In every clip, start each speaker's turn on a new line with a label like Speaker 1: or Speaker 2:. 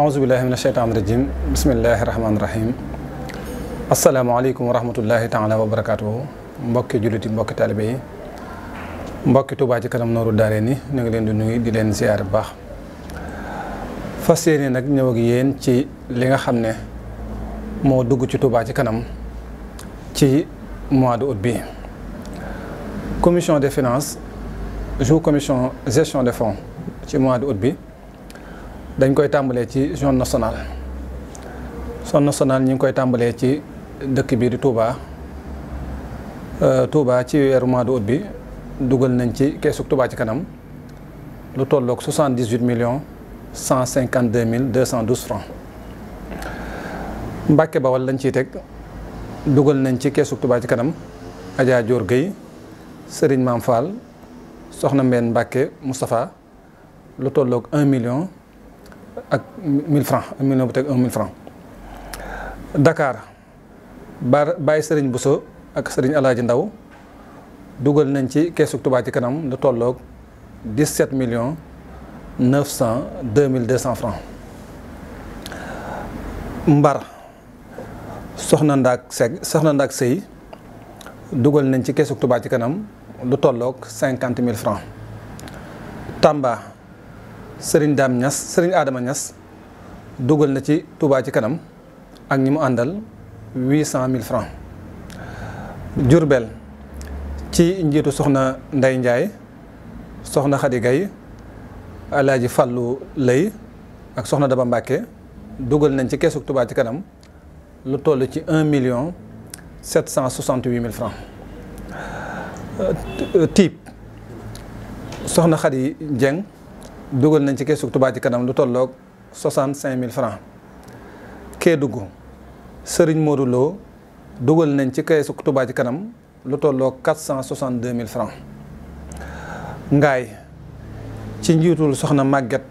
Speaker 1: aousubillahi min asheytan rajim bismillahi rahmaani rahim asalaamaaleykum wa rahmatullahi taala wa barakatuhu mbokki julliti mbokki taalibe yi mbokki Tuubaa ci kanam nooru daare ni ñu ngi leen di nuyu di leen ziyaar bu baax fas yéene nag ñëw ak yéen ci li nga xam ne moo dugg ci Tuubaa ci kanam ci mois de août bi commission de finances jour commission gestion de fonds ci mois de out bi dañ koy tàmbalee ci zone nationale zone nationale ñu ngi koy tàmbalee ci dëkk bii di Touba euh, Touba ci weeru mois d'août bi dugal nañ ci keesu Touba ci kanam lu tolloog soixante dix huit millions cent cinquante deux mille deux cent douze francs Mbàkke Bawal lañ ciy teg dugal nañ ci keesu Touba ci kanam Adja Dior Gueye soxna mbenn Mbàkke Moustapha lu tolloog un million. ak 1000 francs un million bu teg 1000 francs Dakar ba bàyyi Serigne Bousso ak Serigne Alaaji Ndaw dugal nañ ci keesu Touba ci kanam lu tollook 17 millions 900 2200 francs Mbar soxna Ndaak Seg soxna Ndaak Sëy dugal nañ ci keesu Touba ci kanam lu tolloog 50 000 Tamba sëriñ Daam Ñas sëriñ Adama Ñas dugal na ci tubaa ci kanam ak ñi mu àndal huit cent mille francs Jurbel ci njiitu soxna Ndey Njaay soxna Xadi Gay alaaji Fàllu Lay ak soxna Daba Mbàkke dugal nañ ci keesug tubaa ci kanam lu toll ci un million sept cent soixante mille francs euh, tiib soxna Xadi Jeng dugal nañ ci keesu Touba ci kanam lu tolloog soixante cinq mille francs Kédougou Serigne Modou Lo dugal nañ ci keesu Touba ci kanam lu tolloog quatre cent soixante deux mille francs ngaay ci njiitul soxna Maguette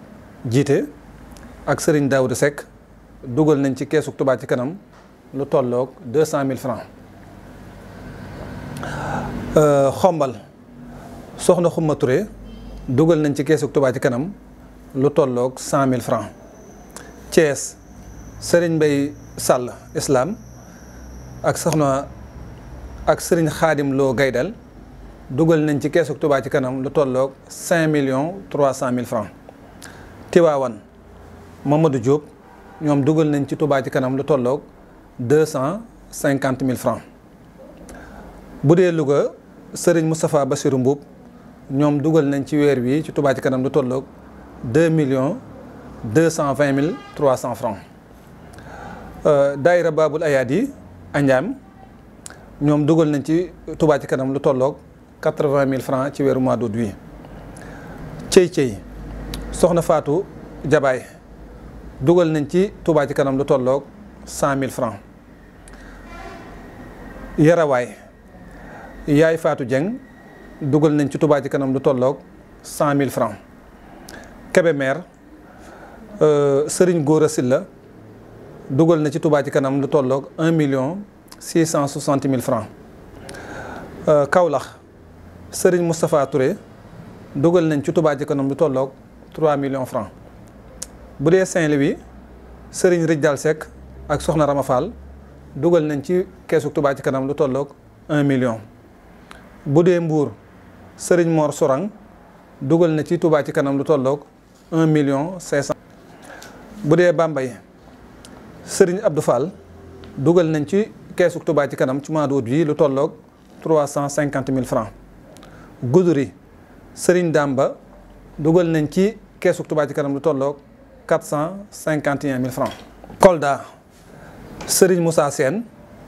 Speaker 1: jiite ak Serigne Daouda Seck dugal nañ ci keesu Touba ci kanam lu tollook deux cent mille francs euh, xombal soxna Xuma Touré dugal nañ ci keesu Touba ci kanam lu tolloog cent mille francs Thiès Serigne bay Sall Islam ak soxna ak Serigne Khadim Lo Gaydal dugal nañ ci keesu Touba ci kanam lu tolloog cinq millions trois cent mille francs Tiwaawan Mamadou Diop ñoom dugal nañ ci Touba ci kanam lu tolloog deux cent cinquante mille francs bu dee Louga Serigne Moustapha Bassirou Mbuub ñoom dugal nañ ci weer wii ci Touba ci kanam lu tolloog deux millions deux cent vingt mille trois cent francs euh, daayira Babul Ayaadi Andiam ñoom dugal nañ ci Touba ci kanam lu tolloog quatre vingt mille francs ci weeru mois d'août wi cey soxna Faatu Jabaay dugal nañ ci Touba ci kanam lu tolloog cent mille francs Yarawaay Yaay Faatu Jeng dugal nañ ci tubaa ci kanam lu tolloog cent mille francs Kébémer euh, Serigne Gora Sylla dugal na ci Touba ci kanam lu tolloog un million six cent soixante mille francs euh, Kaolack sëriñ Moustapha Touré dugal nañ ci tubaa ci kanam lu tolloog trois millions francs bu dee Saint-Louis Serigne Rijdal Seck ak Soxna Rama dugal nañ ci keesu tubaa ci kanam lu tollook un million bu dee Mbour Serigne Mor soran dugal na ci Touba ci kanam lu tolloog un million cinq cent bu dee Bambey sëriñ Abdou Fall dugal nañ ci keesu Touba ci kanam ci mois d'août bi lu tolloog trois cent cinquante mille francs Goudiri Serigne Damba dugal nañ ci keesu Touba ci kanam lu tolloog quatre cent cinquante et un Kolda Serigne Moussa Sène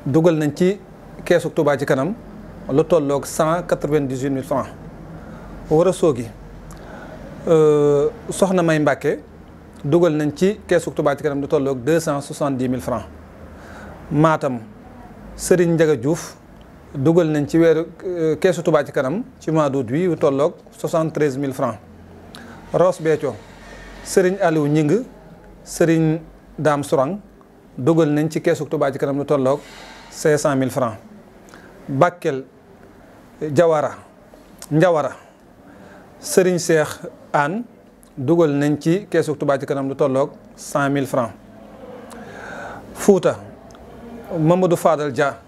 Speaker 1: dugal nañ ci keesu Touba ci kanam lu tolloog cent quatre-vingt-dix-huit wara soogi euh, soxna May Mbàkke dugal nañ ci keesu Touba ci kanam du tolloog deux cent soixante dix mille francs maatam Serigne Ndiaga Diouf dugal nañ ci weeru euh, keesu Touba ci kanam ci mois d'août wi lu tolloog soixante treize mille francs Ross Béthio Serigne Aliou Ñing sëriñ Dame Sourang dugal nañ ci keesu Touba ci kanam lu tolloog cinq cent mille francs Bakel Jawara Njawara Serigne Cheikh Anne dugal nañ ci keesu tubaa ci kanam lu tolloog cent mille francs Fouta Mamadou Fadal Dia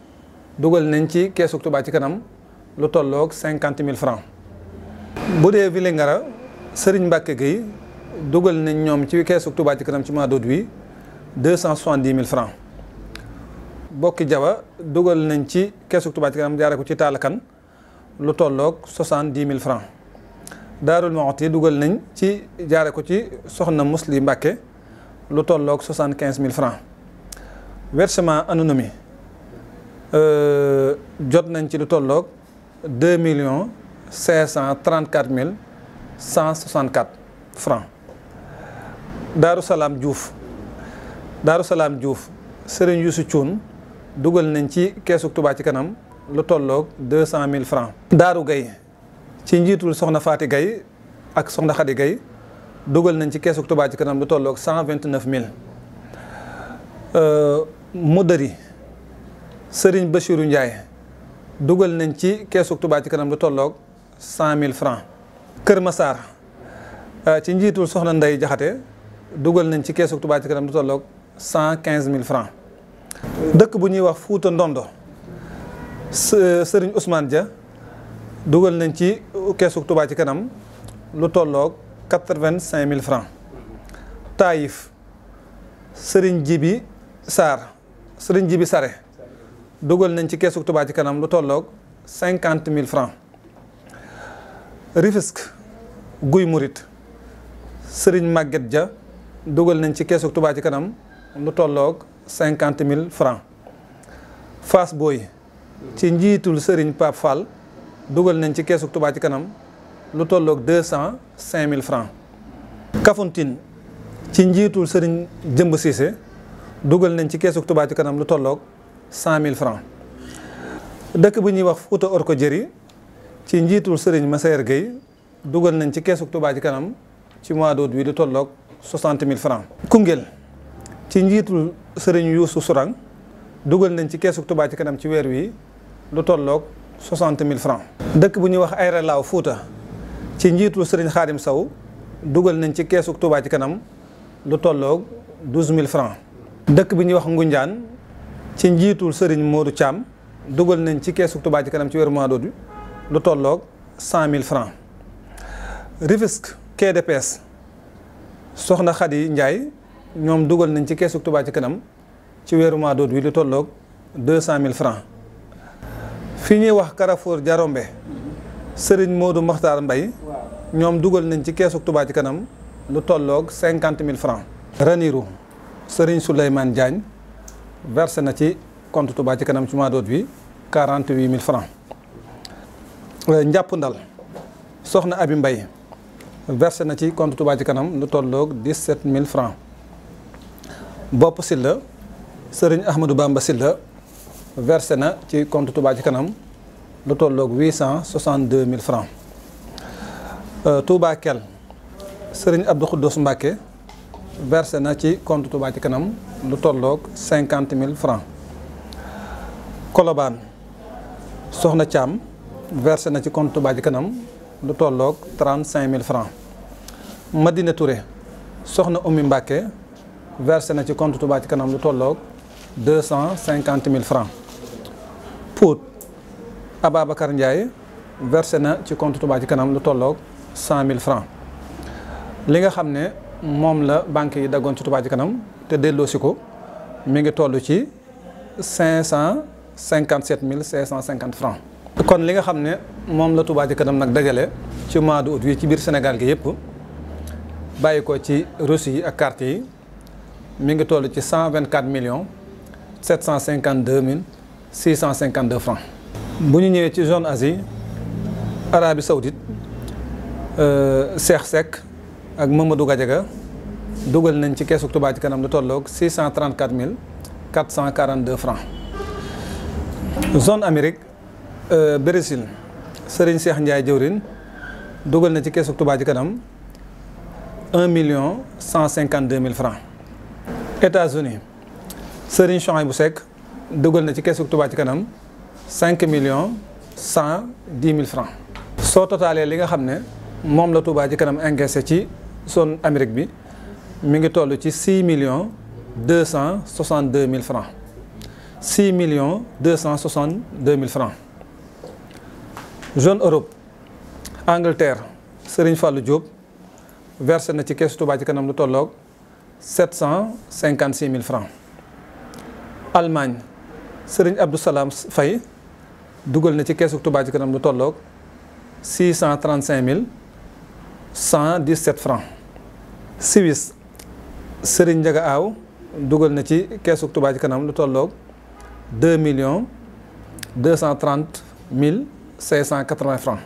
Speaker 1: dugal nañ ci keesu Touba ci kanam lu tolloog cinquante mille francs bu dee Vélingara Serigne Mbacke Gueye dugal nañ ñoom ci keesu Touba ci kanam ci mois d'août wi deux cent soixante-dix mille francs bokki jaba dugal nañ ci keesu Touba ci kanam jaare ko ci taalakan lu tolloog soixante-dix mille francs Daarul Muxti dugal nañ ci jaare ko ci soxna Musli Mbàkke lu tolloog soixante quinze mille francs versement anonyme euh, jot nañ ci lu tolloog deux millions cinq cent trente mille cent soixante quatre francs Daaru Salaam Diouf Daaru Salaam Diouf Sëriñ dugal nañ ci keesu Touba ci kanam lu tolloog deux cent mille francs Daaru Gay ci njiitul soxna Faati Gaye ak soxna Xadi Gaye dugal nañ ci keesu Touba ci kanam lu tolloog cent vingt neuf mille euh, mu Sëriñ Bachiru Ndiaye dugal nañ ci keesu Touba ci tolloog cent mille francs Kër Massar euh, ci njiitul soxna Ndey Jaxate dugal nañ ci keesu Touba ci kanam lu tolloog cent quinze mille francs dëkk bu ñuy wax Fuuta Ndondo euh, Sëriñ Ousmane Dia dugal nañ ci keesu Touba ci kanam lu tolloog quatre-vingt-cinq mille francs Taïf Serigne Jibi Sarr Serigne Jibi Sare dugal nañ ci keesu Touba ci kanam lu tolloog cinquante mille francs Rufisque Guy Murit Serigne Maguette ja dugal nañ ci keesu Touba ci kanam lu tolloog cinquante mille francs Fass booy ci njiitul Serigne Pape Fall dugal nañ ci keesu Touba ci kanam lu tolloog deux cent cinq mille francs Kafountine ci njiitul sëriñ Jëmb Cissé dugal nañ ci keesu Touba ci kanam lu tolloog cent mille francs dëkk bu ñuy wax Fouta Orko Jëri ci njiitul sëriñ Massaer Gueye dugal nañ ci keesu Touba ci kanam ci mois d'août bi lu tolloog soixante mille francs Koungheul ci njiitul sëriñ Youssou Sourang dugal nañ ci keesu tubaa ci kanam ci weer wi lu tollook soixante mille francs dëkk bu ñuy wax Aéré Lao Fouta ci njiitu Serigne Khadim Sow dugal nañ ci keesu Touba ci kanam lu tolloog douze mille francs dëkk bi ñuy wax Ngunjaan ci njiitul Serigne Modou Thiam dugal nañ ci keesu Touba ci kanam ci weeru mois d'août lu tolloog cent mille francs Rufisque KDPS soxna Khady Ndiaye ñoom dugal nañ ci keesu Touba ci kanam ci weeru mois d'août wi lu tolloog deux cent mille francs fi ñuy wax Carrefour Jarombe Serigne Modou Makhtar mbay ñoom dugal nañ ci keesu tubaa ci kanam lu tolloog cinquante mille francs Ranirou Serigne Souleymane Diagne versé na ci compte Touba ci kanam ci mois d'août bi quarante huit mille francs euh, njàpp ndal soxna Abi mbay versé na ci compte Touba ci kanam lu tolloog dix sept mille francs bopp Silla Serigne Ahmadou Bamba Silla versé na ci compte Touba ci kanam lu tolloog huit cent soixante deux mille francs euh, Touba Kell Serigne Abdou Khoudous Mbacke versé na ci compte Touba ci kanam lu tolloog cinquante mille francs Colobane Soxna Thiam versé na ci compte Touba kanam lu tolloog trente cinq mille francs Madina Touré Soxna Oumy Mbacke versé na ci compte Touba ci kanam lu tolloog deux cent cinquante mille francs Ababacar Ndiaye versé na ci compte Touba ci kanam lu tolloog cent mille francs li nga xam ne moom la banque yi daggoon ci Touba ci kanam te delloosi ko mi ngi toll ci cinq cent cinquante sept mille cinq cent cinquante francs kon li nga xam ne moom la Touba ci kanam nag dajale ci mois d'août wi ci biir Sénégal gi yëpp bàyyi ko ci reçu yi ak carte yi mi ngi toll ci cent vingt quatre millions sept cent cinquante deux mille six cent cinquante deux francs bu ñu ñëwee ci zone Asie Arabie Saoudite euh, Cheikh Seck ak Mamadou Gadiaga dugal nañ ci keesu Touba ci kanam lu tolloog six cent trente quatre mille quatre cent quarante deux francs zone Amérique euh, Brésil Serigne Cheikh Ndiaye jëwrin dugal na ci keesu Touba ci kanam un million cent cinquante deux mille francs États-Unis Serigne Chouaïbou Seck dugal na ci keesu Touba ci kanam. cinq million cent dix mille francs soo totalee li nga xam ne moom la Touba ji kanam encaissé ci zone Amérique bi mi ngi toll ci six millions deux cent soixante deux mille francs six million deux cent soixante deux mille francs zone Europe Angleterre Serigne Fallou Diop versé na ci keesu Touba ji kanam lu tolloog sept cent cinquante six mille francs Allemagne Serigne Abdou fay dugal na ci keesu Touba ci kanam lu tolloog six cent trente cinq mille cent dix sept francs Suisse Serigne Ndiaga Aw dugal na ci keesu Touba ci kanam lu tolloog deux millions deux cent trente mille cinq cent quatre vingt francs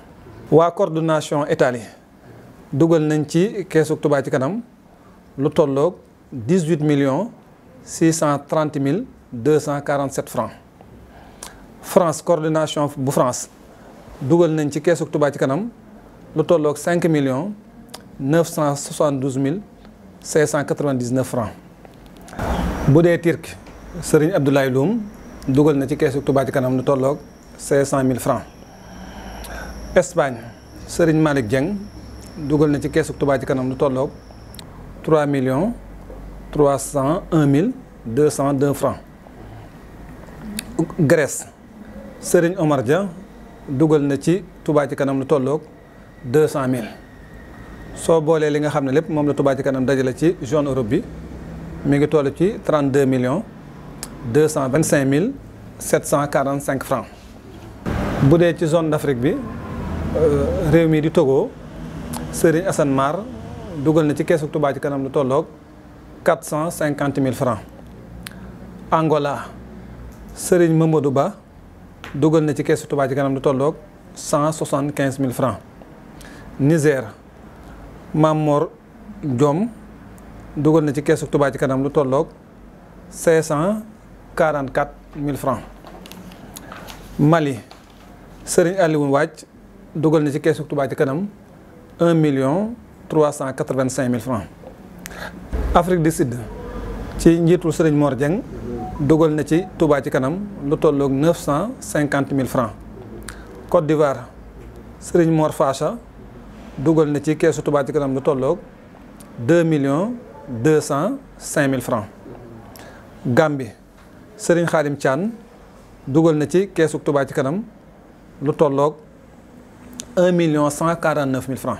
Speaker 1: waa coordination Italie dugal nañ ci keesu Touba ci kanam lu tolloog dix huit millions six cent trente mille deux cent quarante sept francs France coordination bu France dugal nañ ci keesug Touba ci kanam lu tolloog cinq millions neuf cent soixante douze mille cinq cent quatre vingt dix neuf bu dee Turc Serigne Abdoulaye Loum dugal na ci keesug Touba ci kanam lu tolloog cinq cent mille francs Espagne Serigne Malick Dieng dugal na ci keesug Touba kanam lu tolloog trois millions trois cent un mille deux cent deux francs Grèce. Serigne Omar Dia dugal na ci tubaa ci kanam lu tolloog deux cent mille soo boolee li nga xam ne lépp moom la Touba ci kanam dajale ci zone Europe bi mi ngi toll ci trente deux millions deux cent vingt cinq mille sept cent quarante cinq francs bu dee ci zone d'Afrique bi euh, réew mi di Togo Serigne Assane dugal na ci keesu Touba ci kanam lu tolloog quatre cent cinquante mille francs Angola Serigne Mamadou Ba. dugal na ci keesu Touba ci kanam lu tolloog cent soixante quinze mille francs Niger Mamor Diom dugal na ci keesu Touba ci kanam lu tolloog cinq cent quarante quatre mille francs Mali Serigne Alioune wàcc dugal na ci keesu Touba ci kanam un million trois cent quatre cinq mille francs Afrique du Sud ci njiitul Serigne Mor Dieng dugal na ci Touba ci kanam lu tolloog neuf cent cinquante mille francs Côte d'Ivoire Serigne Mor Facha dugal na ci keesu Touba ci kanam lu tolloog deux millions deux cent cinq mille francs Gambie Serigne Khadim dugal na ci keesu Touba ci kanam lu tolloog un million cent quarante neuf mille francs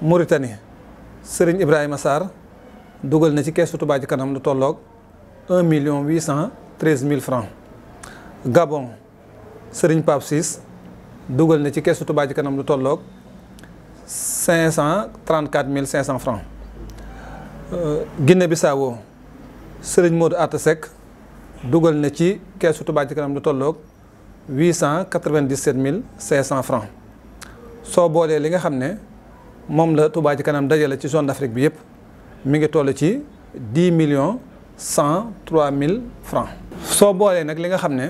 Speaker 1: Mauritanie Serigne Ibrahima Sarr dugal na ci keesu Touba ci kanam lu tollook un million huit cent treize mille francs Gabon Serigne Pape Ciss dugal na ci keesu Touba Ca Kanam lu tolloog cent trente quatre mille cinq cent francs euh, Guinée Bissau Serigne Modou Atta Seck dugal na ci keesu Touba Ca Kanam lu tolloog huit cent quatre vingt dix sept mille cinq cent francs soo boolee li nga xam ne moom la Touba Kanam dajale ci zone d'Afrique bi yëpp mi ngi toll ci dix million cent trois mille francs soo boolee nag li nga xam ne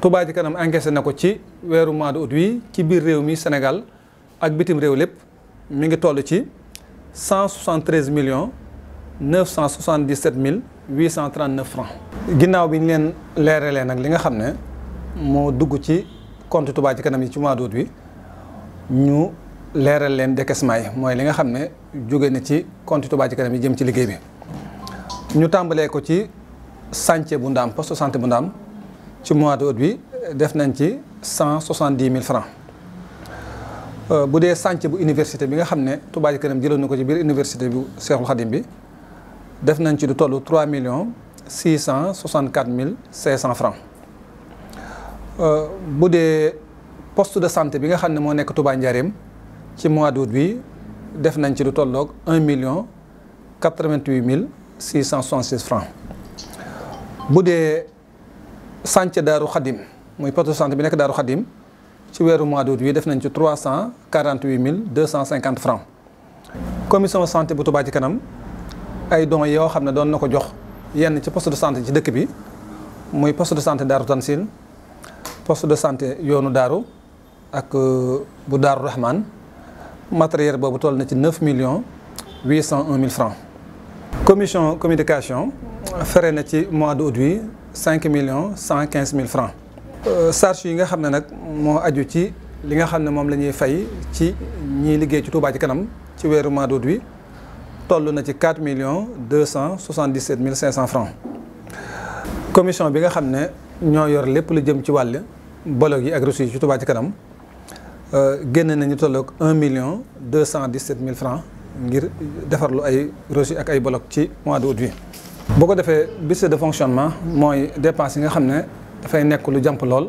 Speaker 1: tubaa ji Kanam encaissé na ko ci weeru mois d'août wi ci biir réew mi Sénégal ak bitim réew lépp mi ngi toll ci cent soixante millions neuf cent soixante dix sept mille huit cent trente neuf francs ginnaaw bi ñu leeralee nag li nga xam ne moo dugg ci compte Touba Kanam yi ci mois d'août wi ñu leeral leen décaissement yi mooy li nga xam ne jóge na ci compte Touba Ca Kanam yi jëm ci liggéey bi. ñu tàmbalee ko ci santé bu ndaam poste santé bu ndaam ci mois de août bi def nañ ci cent soixante dix mille francs euh, bu dee santé bu université bi nga xam ne Touba Ca Kanam jëloon na ko ci biir université bu Seexul bi def nañ ci lu toll trois millions six cent soixante quatre mille cinq cent francs euh, bu dee poste de santé bi nga xam ne moo nekk Touba Njaareem ci mois d'août bi def nañ ci lu tolloog un million quatre vingt mille six cent soixante-six francs bu dee sance daaru xadim muy poste santé bi nekk daaru xadim ci weeru mois d'août wi def nañ ci trois cent quarante-huit mille deux cent cinquante francs commission santé bu Touba ci kanam ay dons yoo xam ne doon na ko jox yenn ci poste de santé ci dëkk bi muy poste de santé daaru Tansil poste de santé yoonu daaru ak euh, bu daaru Rahman matériel boobu toll na ci neuf millions huit cent un mille francs commission communication fere na ci mois d'août bi cinq millions cent quinze mille francs euh, charge yi nga xam ne nag moo aju ci li nga xam ne moom la ñuy fay ci ñiy liggéey ci Touba ci kanam ci weeru mois d'août bi toll na ci quatre million deux cent soixante dix sept mille cinq cent francs commission bi nga xam ne ñoo yor lépp lu jëm ci wàll bolog yi ak reçu yi ci Touba ci kanam euh, génn nañu tolloog un million deux cent dix sept mille francs ngir defarlu ay reçu ak ay bloc ci mois d'août bi boo ko defee bisse de fonctionnement mooy dépense yi nga xam ne dafay nekk lu jàmp lool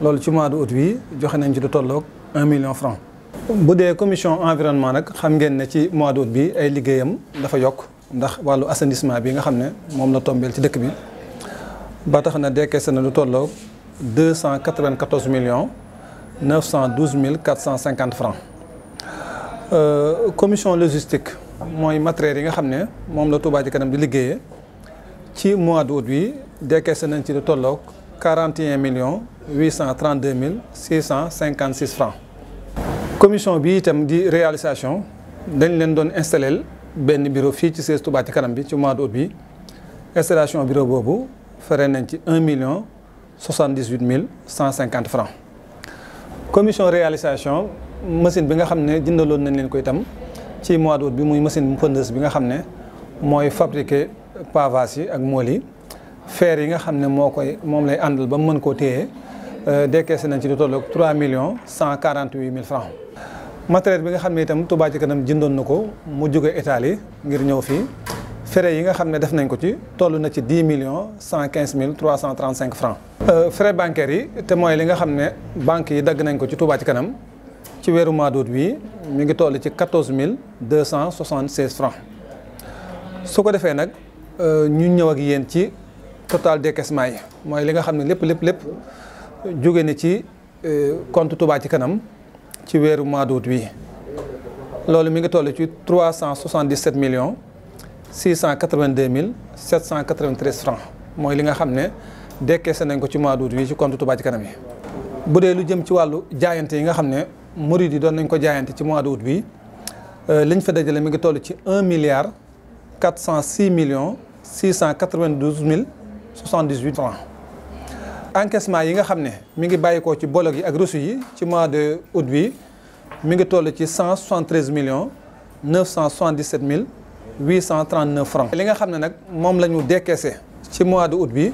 Speaker 1: loolu ci mois d'août bi joxe nañ ci du tolloog un million franc bu dee commission environnement nag xam ngeen ne ci mois d'août bi ay liggéeyam dafa yokk ndax wàllu bi nga xam ne moom la tombeel ci dëkk bi ba tax na décaissé na lu tolloog deux cent quatre-vingt-quatorze millions cent douze mille quatre cent cinquante francs Euh, commission logistique mooy matériels yi nga xam ne moom la Touba ci kanam di liggéeyee ci mois d'août bi décaissé nañ ci lu tolloog 41 millions 832 mille 656 francs commission bi itam di réalisation dañ leen doon installé benn bureau fii ci siège Touba ci kanam bi ci mois d'août bi installation bureau boobu fere nañ ci 1 million 78 mille 150 francs commission réalisation machine bi nga xam ne jëndaloon nañ leen ko itam ci mois d'août bi muy machine pondeuse bi nga xam ne mooy fabriquer pavas yi ak mool yi fer yi nga xam ne moo koy moom lay àndal ba mu mën koo téye euh, décaissé nañ ci lu toll ak 3 millions 148 mille francs matériel bi nga xam ne itam Touba ci kanam jëndoon na ko mu jóge Italie ngir ñëw fii frais yi nga xam ne def nañ ko ci toll na ci 10 millions 115 mille 335 francs euh, frais bancaires yi te mooy li nga xam ne banques yi dagg nañ ko ci Touba ci kanam ci weeru mois d'août bi mi ngi toll ci quatorze mille deux cent soixante seize francs su ko defee nag euh, ñu ñëw ak yéen ci total décaissement yi mooy li nga xam ne lépp lépp lépp jóge na ci euh, compte Touba ci kanam ci weeru mois d'août bi loolu mi ngi toll ci trois cent soixante dix sept millions cent quatre vingt mille sept cent quatre vingt treize francs mooy li nga xam ne décaissé nañ ko ci mois d'août bi ci compte Touba ci kanam yi. bu dee lu jëm ci wàllu jaayante yi nga xam ne. murid yi doon nañ ko jaayante ci mois de août bi euh, liñ fa dajale mi ngi toll ci un milliard quatre cent six millions six cent quatre mille soixante dix huit francs yi nga xam ne mi ngi bàyyikoo ci bolog yi ak reçu yi ci mois de août bi mi ngi toll ci cent soixante treize millions neuf cent soixante li nga xam ne nag moom la ñu décaissé ci mois de août bi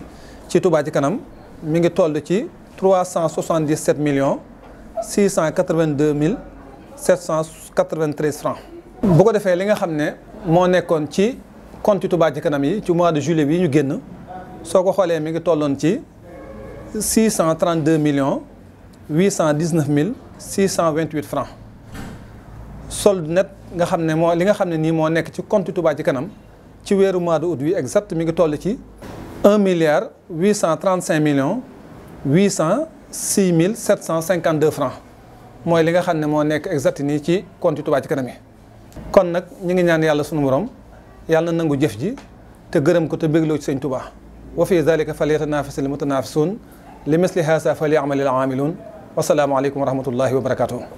Speaker 1: ci Touba ci kanam mi ngi toll ci trois cent soixante dix millions six cent quatre vingt deux mille sept cent quatre vingt treize francs. bu ko defee li nga xam ne moo nekkoon ci compte Touba Ca Kanam yi ci mois de juillet bi ñu génn soo ko xoolee mi ngi tolloon ci six cent trente deux millions huit cent dix neuf mille six cent vingt huit francs. solde net nga xam ne moo li nga xam ne nii moo nekk ci compte Touba Ca Kanam ci weeru mois de août bi exact mi ngi toll ci un milliard huit cent trente cinq millions huit cent. six mille sept cent cinquante deux francs mooy li nga xam ne moo nekk exact nii ci compte Touba ci kanam kon nag ñu ngi ñaan yàlla sunu borom yàlla na nangu jëf ji te gërëm ko te bégloo ci sëñ Touba wa fi zalika falyatanafasi l mutanafisun li misli haasa falyaamali l aamiluun wasalaamu aleykum wa rahmatullahi wa barakatuh